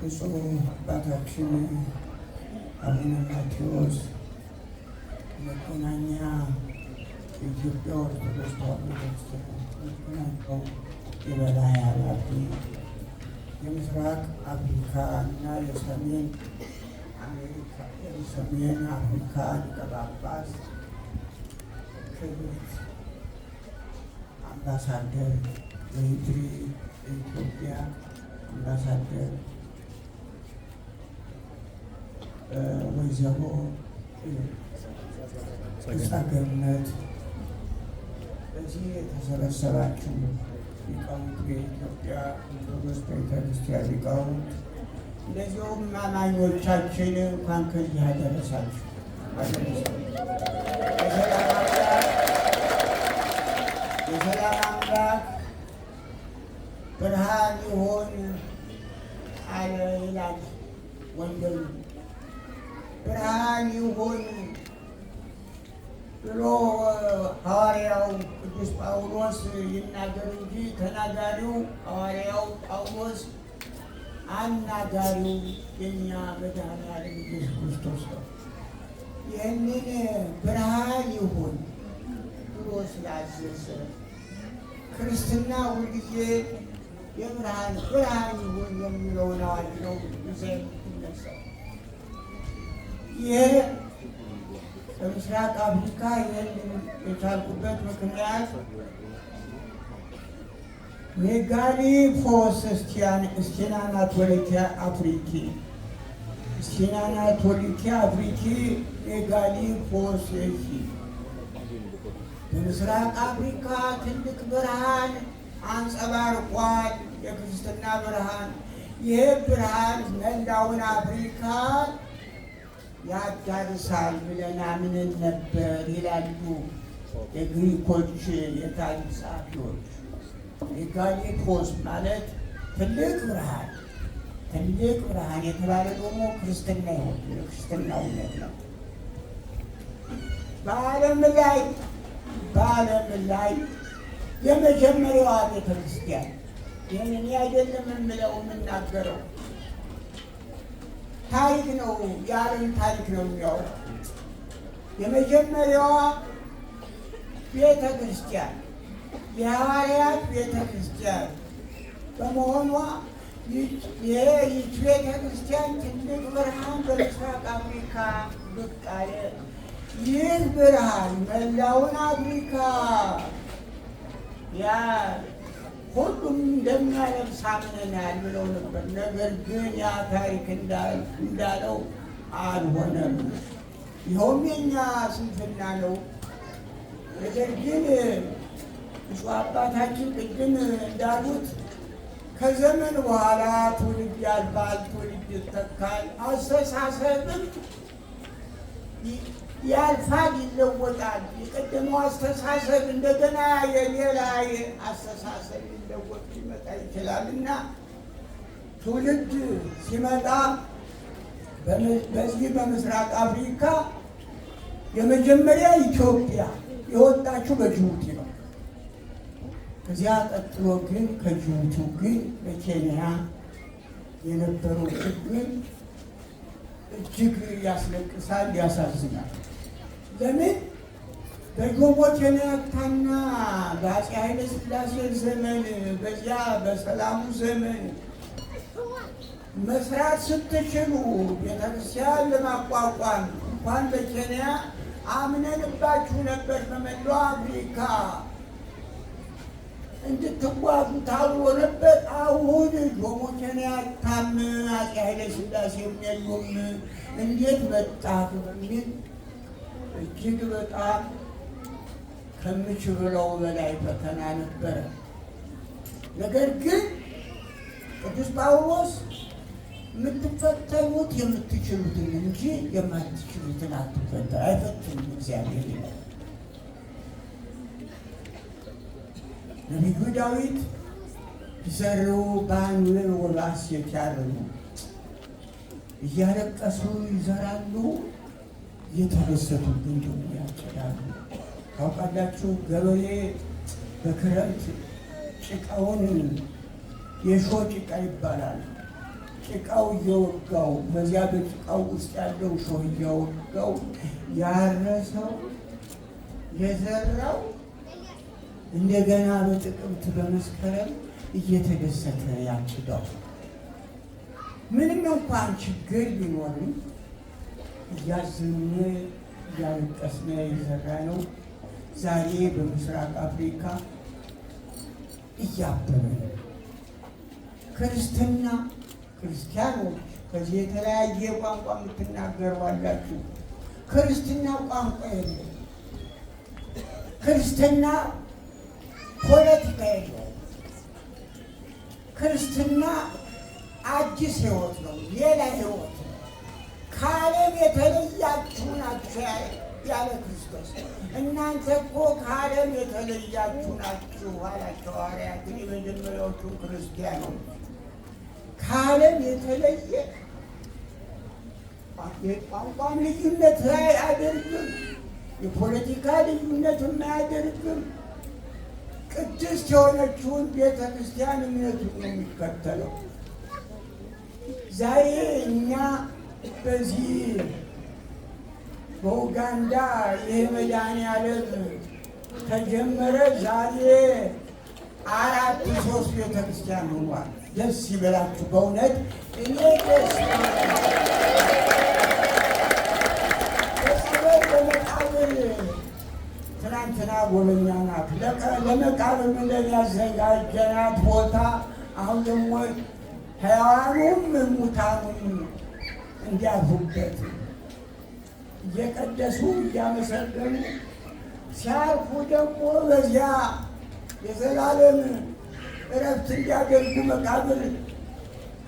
ብፁዕ አባታችን አቡነ ማቴዎስ መገናኛ የኢትዮጵያ ኦርቶዶክስ ተዋሕዶ ቤተክርስቲያን የበላይ ኃላፊ የምስራቅ አፍሪካ እና የሰሜን የሰሜን አፍሪካ ሊቀ ጳጳስ ክብርት አምባሳደር በኢትሪ ኢትዮጵያ አምባሳደር ወይዘሮ ደግሞ ገነት እዚህ የተሰበሰባችሁ ሊቃውንት የኢትዮጵያ ኦርቶዶክስ ቤተክርስቲያን ሊቃውንት እንደዚሁም አማኞቻችን እንኳን ከዚህ አደረሳችሁ። የሰላም አምላክ ብርሃን ይሆን አለ ይላል ወንድም ብርሃን ይሁን ብሎ ሐዋርያው ቅዱስ ጳውሎስ ይናገር እንጂ ተናጋሪው ሐዋርያው ጳውሎስ አናጋሪው የኛ መድኃኔዓለም ኢየሱስ ክርስቶስ ነው። ይህንን ብርሃን ይሁን ብሎ ስላዘዘ ክርስትና ሁልጊዜ የብርሃን ብርሃን ይሁን የሚለውን አዋጅ ነው ጊዜ ይነሳል። ይሄ በምስራቅ አፍሪካ ይህን የቻልኩበት ምክንያት ሜጋሊ ፎስ እስቲናናቶሊኪ አፍሪኪ እስቲናናቶሊኪ አፍሪኪ ሜጋሊ ፎስ በምስራቅ አፍሪካ ትልቅ ብርሃን አንጸባርቋል። የክርስትና ብርሃን ይህ ብርሃን መላውን አፍሪካ ያዳርሳል ብለን አምነን ነበር ይላሉ የግሪኮች የታሪክ ጸሐፊዎች። ሜጋኔቶስ ማለት ትልቅ ብርሃን ትልቅ ብርሃን የተባለ ደግሞ ክርስትና ይሆን ክርስትና እውነት ነው። በዓለም ላይ በዓለም ላይ የመጀመሪያዋ ቤተክርስቲያን ይህንን አይደለም የምለው የምናገረው ታሪክ ነው የዓለም ታሪክ ነው የሚያወራው። የመጀመሪያዋ ቤተ ክርስቲያን የሐዋርያት ቤተ ክርስቲያን በመሆኗ ይህች ቤተ ክርስቲያን ትልቅ ብርሃን በምስራቅ አፍሪካ ብቅ አለ። ይህ ብርሃን መላውን አፍሪካ ያ ሁሉም እንደሚያለብስ አምነናል ብለው ነበር። ነገር ግን ያ ታሪክ እንዳለው አልሆነም። ይኸውም የኛ ስንፍና ነው። ነገር ግን እሱ አባታችን ቅድም እንዳሉት ከዘመን በኋላ ትውልድ ያልፋል፣ ትውልድ ይተካል። አስተሳሰብም ያልፋል፣ ይለወጣል። የቀደመው አስተሳሰብ እንደገና የሌላ አስተሳሰብ ይለወጥ ሊመጣ ይችላል እና ትውልድ ሲመጣ በዚህ በምስራቅ አፍሪካ የመጀመሪያ ኢትዮጵያ የወጣችው በጅቡቲ ነው። ከዚያ ቀጥሎ ግን ከጅቡቲው ግን በኬንያ የነበረው ችግር እጅግ ያስለቅሳል፣ ያሳዝናል። ለምን የነታና በአፄ ኃይለ ሥላሴ ዘመን በዚያ በሰላሙ ዘመን መስራት ስትችሉ ቤተክርስቲያን ለማቋቋም እንኳን በኬንያ አምነንባችሁ ነበር በመላው አፍሪካ እንድትጓዙ ታውሎ ነበር። አሁን ጆሞ ኬንያ ታመመ። አፄ ኃይለ ሥላሴ የሉም። እንዴት መጣ በሚል እጅግ በጣም ከምችለው በላይ ፈተና ነበረ። ነገር ግን ቅዱስ ጳውሎስ የምትፈተኑት የምትችሉትን እንጂ የማትችሉትን አትፈተኑ አይፈትኑም እግዚአብሔር ይላል። ነቢዩ ዳዊት ይዘሩ ባሕሩን ወበሐሴት ያርሙ እያለቀሱ ይዘራሉ፣ እየተደሰቱብን ደግሞ ያጭዳሉ። ታውቃላችሁ ገበሬ በክረምት ጭቃውን የሾ ጭቃ ይባላል። ጭቃው እየወጋው በዚያ በጭቃው ውስጥ ያለው ሾህ እያወጋው ያረሰው የዘራው እንደገና በጥቅምት በመስከረም እየተደሰተ ያጭዳል። ምንም እንኳን ችግር ቢኖርም እያዘነ እያለቀስነ የዘራ ነው። ዛሬ በምስራቅ አፍሪካ እያበበ ነው። ክርስትና ክርስቲያኖች ከዚህ የተለያየ ቋንቋ የምትናገሩ አላችሁ። ክርስትና ቋንቋ የለም። ክርስትና ፖለቲካ የለውም። ክርስትና አዲስ ህይወት ነው፣ ሌላ ህይወት ነው። ከዓለም የተለያችሁ ናችሁ ያለ ክርስቶስ። እናንተ እኮ ከዓለም የተለያችሁ ናችሁ አላቸው ሐዋርያትን የመጀመሪያዎቹ ክርስቲያኖች። ከዓለም የተለየ የቋንቋም ልዩነት አያደርግም፣ የፖለቲካ ልዩነት አያደርግም። ቅድስት የሆነችውን ቤተ ክርስቲያን እምነቱን ነው የሚከተለው። ዛሬ እኛ በዚህ በኡጋንዳ ይህ መድኃኔዓለም ተጀመረ። ዛሬ አራት ሶስት ቤተ ክርስቲያን ሆኗል። ደስ ይበላችሁ በእውነት እኔ ደስ ጎበኛ ናት። ለመቃብም እንደሚያዘጋጀናት ቦታ አሁን ደግሞ ሕያዋኑም ሙታኑም እንዲያርፉበት እየቀደሱ እያመሰገኑ ሲያርፉ ደግሞ በዚያ የዘላለም እረፍት እንዲያደርጉ መቃብር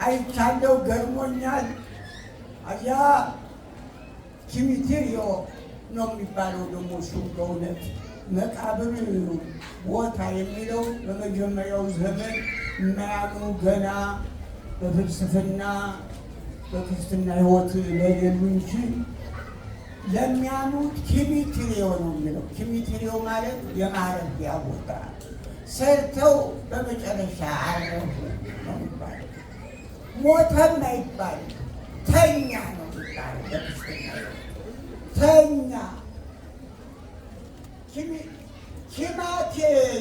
አይቻለው፣ ገርሞኛል። አዚያ ኪሚቴር ነው የሚባለው ደግሞ እሱም በእውነት መቃብር ቦታ የሚለው በመጀመሪያው ዘመን የማያምኑ ገና በፍልስፍና በክርስትና ሕይወት ለሌሉ እንጂ ለሚያምኑት ኪሚትሬዮ ነው የሚለው። ኪሚትሬዮ ማለት የማረፊያ ቦታ ሰርተው በመጨረሻ አረፉ ነው የሚባለው። ሞተም አይባልም፣ ተኛ ነው የሚባለው። በክርስትና ተኛ ቲማቴ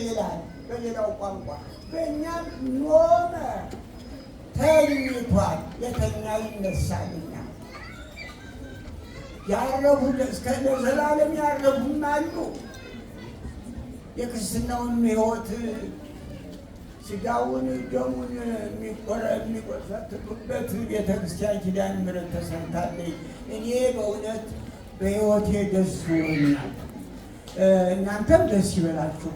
ይላል በሌላው ቋንቋ። በእኛም ኖመ ተኝቷል። የተኛ ይነሳልና ያረፉ እስከ ዘላለም ያረፉም አሉ። የክርስትናውን ሕይወት ስጋውን ደሙን የሚቆሰጥበት ቤተክርስቲያን ኪዳነ ምሕረት ተሰርታለች። እኔ በእውነት በሕይወቴ ደስ ይለኛል። እናንተም ደስ ይበላችሁ።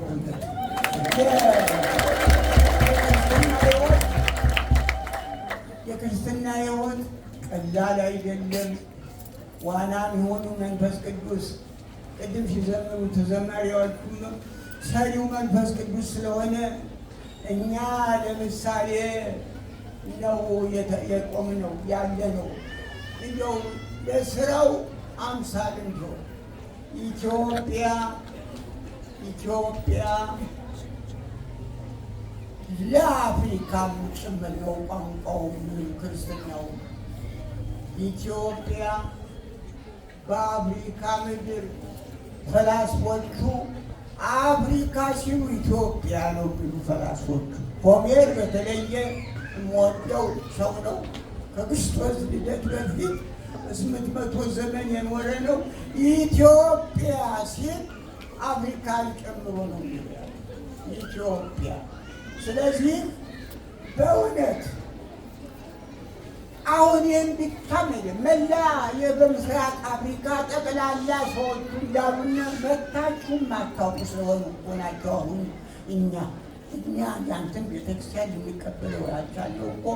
የክርስትና ሕይወት ቀላል አይደለም። ዋናም የሆኑ መንፈስ ቅዱስ ቅድም ሲዘምሩ ተዘማሪዎቹም ሰሪው መንፈስ ቅዱስ ስለሆነ እኛ ለምሳሌ ነው የቆምነው ያለ ነው እንደው ለስራው አምሳል እንዲሆን ኢትዮጵያ ኢትዮጵያ ለአፍሪካም ጭምር ነው ቋንቋውም ክርስትናው። ኢትዮጵያ በአፍሪካ ምድር ፈላስፎቹ አፍሪካ ሲሉ ኢትዮጵያ ነው የሚሉ ፈላስፎቹ። ሆሜር በተለየ የምወደው ሰው ነው። ከክርስቶስ ልደት በፊት ስምንት መቶ ዘመን የኖረ ነው። ኢትዮጵያ ሲል አፍሪካ ጨምሮ ነው ኢትዮጵያ። ስለዚህ በእውነት አሁን ይህን ቢታመል መላ የበምስራቅ አፍሪካ ጠቅላላ ሰዎቹ እንዳሉና መታችሁም አታውቁ ስለሆኑ ናቸው። አሁን እኛ እኛ ያንተን ቤተክርስቲያን የሚቀበለው ራቻለው እኮ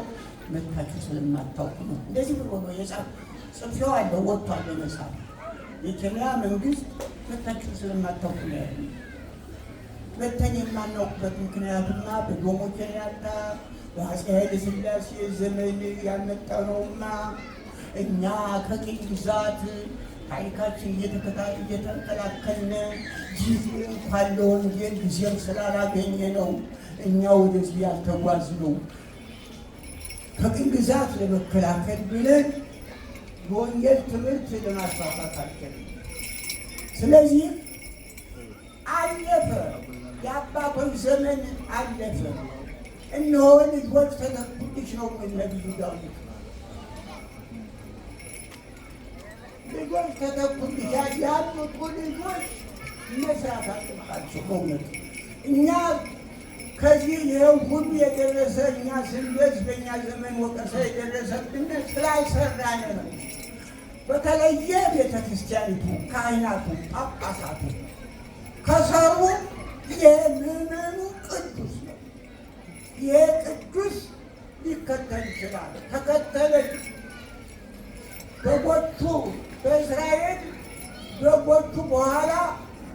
መታችሁ ስለማታውቁ ነው። እንደዚህ ብሎ ነው የጻፈው። ጽፌዋ አለ ወጥቷል። በመሳ የኬንያ መንግስት መታችሁ ስለማታውቁ ነው ያለ። ሁለተኛ የማናውቅበት ምክንያቱማ በጆሞ ኬንያታ በአፄ ኃይለ ሥላሴ ዘመን ያመጣነውማ እኛ ከቅኝ ግዛት ታሪካችን እየተከላከልን ጊዜ እንኳን ለወንጌል ጊዜም ስላላገኘ ነው እኛ ወደዚህ ያልተጓዝነው። ከቅኝ ግዛት ለመከላከል ብለን በወንጌል ትምህርት ለማስፋፋት አልችልም። ስለዚህ አለፈ፣ የአባቶች ዘመን አለፈ። እነሆ ልጆች ተተኩልሽ ነው ነቢዩ ዳዊት ልጆች ተተኩልሽ ያሉት ልጆች መስራት አለባቸው። በእውነት እኛ ከዚህ ይኸው ሁሉ የደረሰ እኛ ስንበዝ በእኛ ዘመን ወቀሳ የደረሰብን ስላልሰራን ነው። በተለየ ቤተ ክርስቲያኒቱ ካህናቱ፣ ጳጳሳቱ ከሰሩ የምዕመኑ ቅዱስ ነው። ይሄ ቅዱስ ሊከተል ይችላል። ተከተለ በጎቹ በእስራኤል በጎቹ በኋላ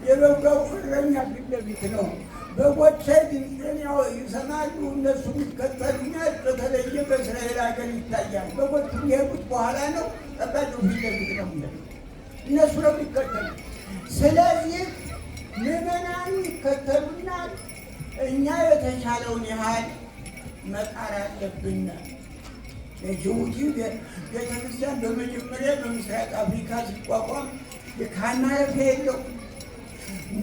የበጋው እረኛ ፊት ለፊት ነው። በጎቼ ድምፄን ይሰማሉ፣ እነሱም ይከተሉኛል። በተለየ በእስራኤል ሀገር ይታያል። በጎቹ የሚሄዱት በኋላ ነው፣ ጠባቂው ፊት ለፊት ነው። እነሱ ነው የሚከተሉ። ስለዚህ ምዕመናን ይከተሉናል። እኛ የተሻለውን ያህል መጣር አለብን። የጅቡቲ ቤተክርስቲያን በመጀመሪያ በምስራቅ አፍሪካ ሲቋቋም ካናረፈ የለው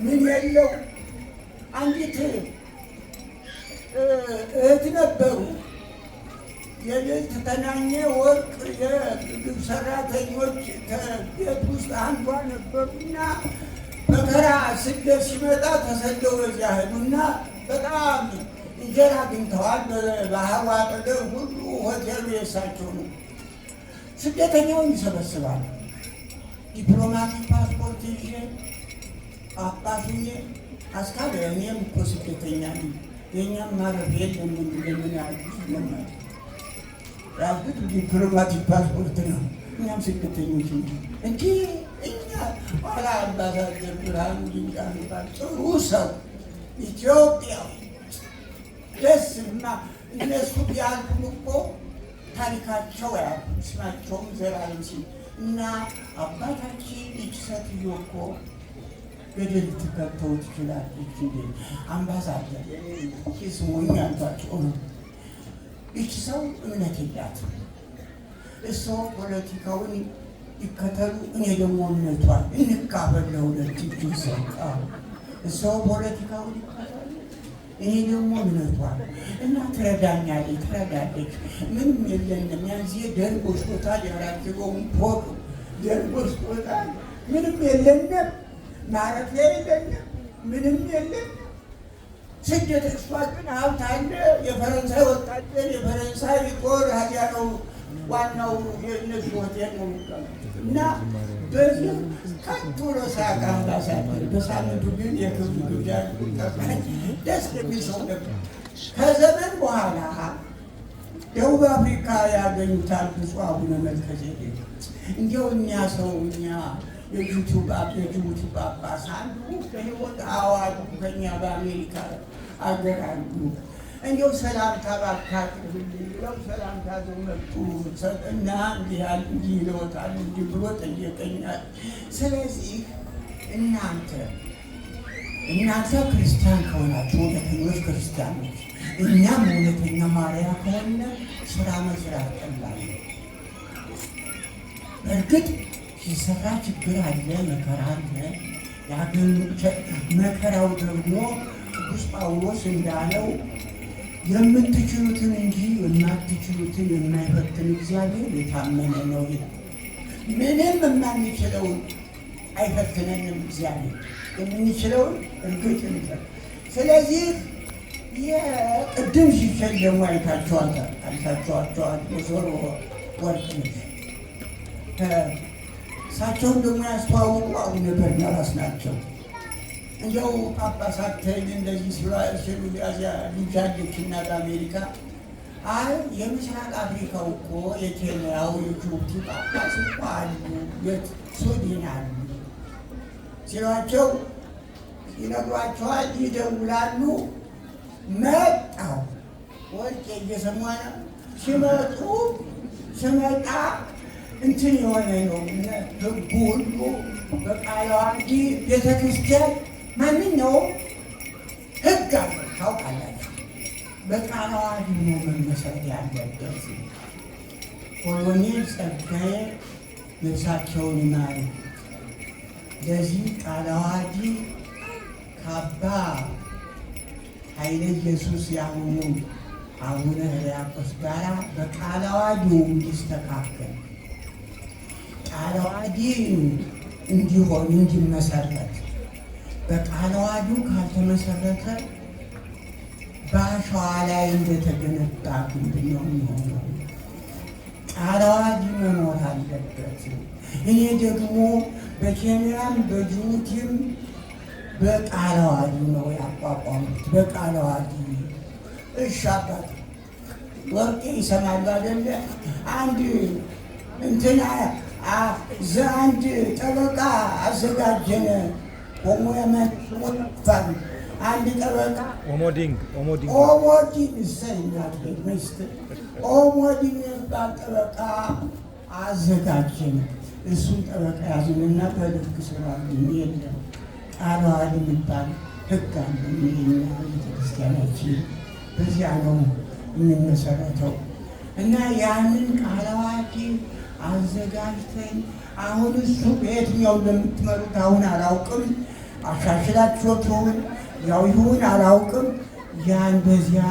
ምን የለው አንዲት እህት ነበሩ። የልጅ ተናኜ ወርቅ የምግብ ሰራተኞች ከቤት ውስጥ አንዷ ነበሩና መከራ ስደት ሲመጣ ተሰደው በዚያ ሄዱና በጣም እንጀራ አግኝተዋል። በባህሩ አጠገብ ሁሉ ሆቴሉ የሳቸው ነው። ስደተኛውን ይሰበስባል። ዲፕሎማቲክ ፓስፖርት ይዤ ጳጳስ አስካል እኔም እኮ ስደተኛ ነኝ፣ የእኛም ማረፍ የለም ለምን ያሉት ለማለት ያልኩት ዲፕሎማቲክ ፓስፖርት ነው። እኛም ስደተኞች ነው እንጂ እኛ ኋላ አምባሳደር ብርሃኑ ዲንቃ የሚባል ጥሩ ሰው ኢትዮጵያ ደስ እና እነሱ ያሉን እኮ ታሪካቸው ያሉት ስማቸውም ዘላለም ሲል እና አባታችን እጅ ሴትዮ እኮ ገደል ልትከተው ትችላለች። እንዴ አምባሳደር ስሙኝ አልኳቸው። ይቺ ሰው እምነት የላትም። እሰው ፖለቲካውን ይከተሉ፣ እኔ ደግሞ እምነቷን እንካፈል ለሁለት። እጁ ሰጣ እሰው ፖለቲካውን እኔ ደግሞ እምነቷን እና ትረዳኛለች፣ ትረዳለች። ምንም የለንም። ያን ደርግ ወስዶታል። ያላችገውን ፎቅ ደርግ ወስዶታል። ምንም የለንም ማረፊያ የለኝም፣ ምንም የለም። ስደት እሷ ግን ሀብት አለ። የፈረንሳይ ወታደር፣ የፈረንሳይ ጦር ሀዲያ ነው ዋናው የእነሱ ሆቴል ነው እና በዚህ ከቶ ለሳቅ አምባሳደር በሳምንቱ ግን የክብሩ ግብዣ ደስ የሚል ሰው ነበር። ከዘመን በኋላ ደቡብ አፍሪካ ያገኙታል ብፁዕ አቡነ መልከ ዜና። እንዲያው እኛ ሰው እኛ የጅቡቲ የጅቡቲ ጳጳስ አንዱ በህይወት አዋጁ ከኛ በአሜሪካ አገር አንዱ እንዲው ሰላምታ ባካትብል ሰላምታ ዘው መጡ እና እንዲያል እንዲህ ይለወጣል እንዲህ ብሎ ጠየቀኛል። ስለዚህ እናንተ እናንተ ክርስቲያን ከሆናችሁ እውነተኞች ክርስቲያኖች፣ እኛም እውነተኛ ማርያ ከሆነ ስራ መስራት ቀላል በእርግጥ ሲሰራ ችግር አለ፣ መከራ አለ። ያገኙ መከራው ደግሞ ቅዱስ ጳውሎስ እንዳለው የምትችሉትን እንጂ የማትችሉትን የማይፈትን እግዚአብሔር የታመነ ነው። ምንም የማንችለውን አይፈትነንም። እግዚአብሔር የምንችለውን እርግጥ ንጠር። ስለዚህ የቅድም ሲሸል ደግሞ አይታቸዋል አይታቸዋቸዋል አይታችኋቸዋል ወርቅ እሳቸውን ደግሞ ያስተዋውቁ አቡነ በርናባስ ናቸው። እንዲያው ጳጳሳትን እንደዚህ ሲሉ ያዚያ ልጃለች እና በአሜሪካ አይ የምስራቅ አፍሪካው እኮ የኬንያው የጅቡቲ ጳጳስ እኮ አሉ፣ የሱዲን አሉ ሲሏቸው ይነግሯቸዋል፣ ይደውላሉ። መጣው ወርቄ እየሰማ ነው ሲመጡ ስመጣ እንትን የሆነ ነው ህጉ ሁሉ በቃለ ዓዋዲ ቤተ ክርስቲያን ማንኛውም ህግ አለ ታውቃላችሁ። በቃለ ዓዋዲ ነው መመሰረት ያለበት። ኮሎኔል ጸጋዬ ነፍሳቸውን ይማር። ለዚህ ቃለ ዓዋዲ ከአባ ኃይለ ኢየሱስ ያሆኑ አቡነ ሕርያቆስ ጋራ በቃለ ዓዋዲው እንዲስተካከል ቃለዋዲ እንዲሆን እንዲመሰረት በቃለዋዱ ካልተመሰረተ በአሸዋ ላይ እንደተገነጣ ግንብ ነው የሚሆነው። ቃለዋዲ መኖር አለበት። እኔ ደግሞ በኬንያም በጅቡቲም በቃለዋዲ ነው ያቋቋሙት። በቃለዋዲ እሺ፣ አባት ወርቄ ይሰማሉ አይደለ? አንድ እንትና አንድ ጠበቃ አዘጋጀን። ኦሞ የመጣን አንድ ጠበቃ ኦሞዲን ኦሞዲን ኦሞዲን የሚባል ጠበቃ አዘጋጀን። እሱን ጠበቃ ያዝንና በልክ ስራ የለም ቃልዋል የሚባል ህግ አለ። ቤተክርስቲያናችን በዚያ ነው የምንመሰረተው እና ያንን ቃልዋል አዘጋጅተኝ አሁን እሱ በየትኛው እንደምትመሩት አሁን አላውቅም። አሻሽላችሁት ያው ይሁን አላውቅም። ያን በዚያ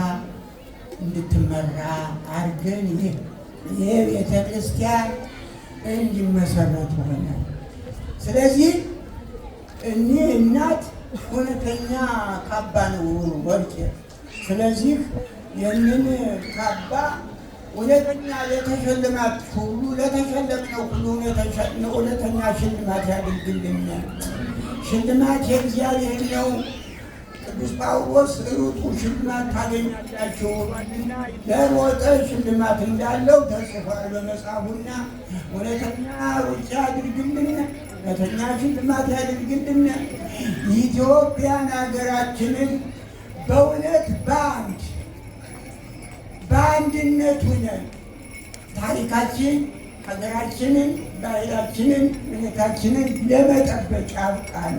እንድትመራ አድርገን ይሄ ቤተ ክርስቲያን እንዲመሰረት ሆነ። ስለዚህ እኔ እናት እውነተኛ ካባ ነው ወርቄ። ስለዚህ ይህንን ካባ ሁለተኛ ለተሸለማት ሁሉ ለተሸለምነው ሁሉ ሁለተኛ ሽልማት ያድርግልን። ሽልማት የእግዚአብሔር ነው። ቅዱስ ጳውሎስ ሩጡ ሽልማት ታገኛላችሁ፣ ለሮጠ ሽልማት እንዳለው ተጽፏል በመጽሐፉና ሁለተኛ ሩጫ አድርግልን፣ እውነተኛ ሽልማት ያድርግልን። ኢትዮጵያን ሀገራችንን በእውነት በአንድ በአንድነት ሁነን ታሪካችን፣ ሀገራችንን፣ ባህላችንን፣ እምነታችንን ለመጠበቅ ያብቃን።